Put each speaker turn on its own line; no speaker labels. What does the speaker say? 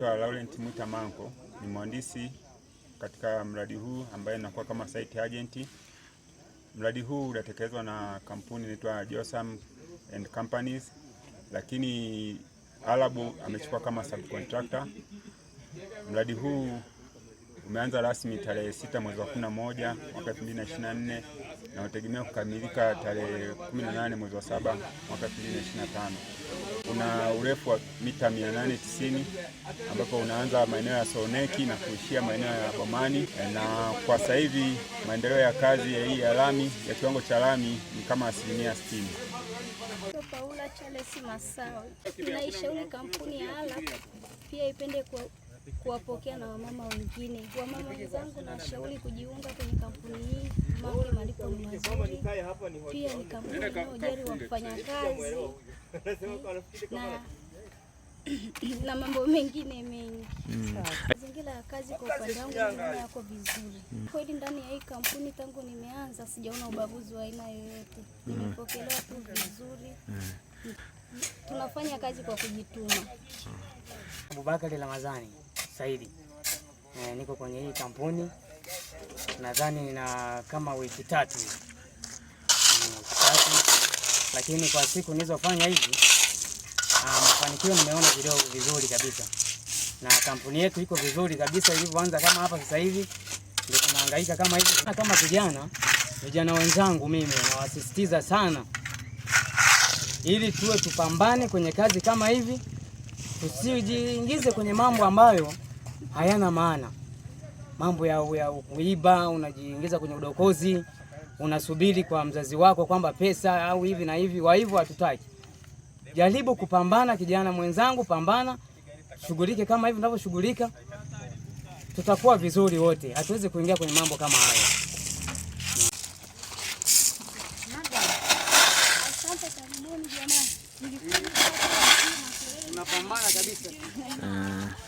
Laurent Mwita Manko ni mhandisi katika mradi huu ambaye nakuwa kama site agent. Mradi huu unatekelezwa na kampuni inaitwa Josam and Companies, lakini Alabu amechukua kama subcontractor mradi huu umeanza rasmi tarehe sita mwezi wa kumi na moja mwaka 2024 na unategemea kukamilika tarehe 18 mwezi wa saba mwaka 2025. Una urefu wa mita 890 ambapo unaanza maeneo ya Soneki na kuishia maeneo ya Bomani, na kwa sasa hivi maendeleo ya kazi ya hii ya lami ya kiwango cha lami ni kama asilimia sitini.
Paula Charles Masao, naishauri kampuni ya Ala pia ipende kwa kuwapokea na wamama wengine. Wamama wenzangu, nashauri kujiunga kwenye kampuni hii, mambo malipo ni mazuri, pia ni kampuni inayojali wafanyakazi na na mambo mengine mengi. Hmm. Mazingira ya kazi kwa upande wangu naona yako vizuri hmm. kweli. Ndani ya hii kampuni tangu nimeanza sijaona ubaguzi wa aina yoyote, hmm. nimepokelewa tu vizuri. Tunafanya kazi kwa kujituma.
Abubakari Ramadhani. Saidi. e, niko kwenye hii kampuni nadhani na kama wiki tatu tatu, lakini kwa siku nilizofanya hivi ah, mafanikio nimeona kidogo vizuri kabisa, na kampuni yetu iko vizuri kabisa ilivyoanza. Kama hapa sasa hivi ndio tunahangaika kama hivi. Kama vijana vijana wenzangu, mimi nawasisitiza sana ili tuwe tupambane kwenye kazi kama hivi, tusijiingize kwenye mambo ambayo hayana maana. Mambo ya, ya kuiba, unajiingiza kwenye udokozi, unasubiri kwa mzazi wako kwamba pesa au hivi na hivi. Kwa hivyo hatutaki. Jaribu kupambana, kijana mwenzangu, pambana, shughulike kama hivi unavyoshughulika, tutakuwa vizuri wote. Hatuwezi kuingia kwenye mambo kama haya. Unapambana kabisa. Ah.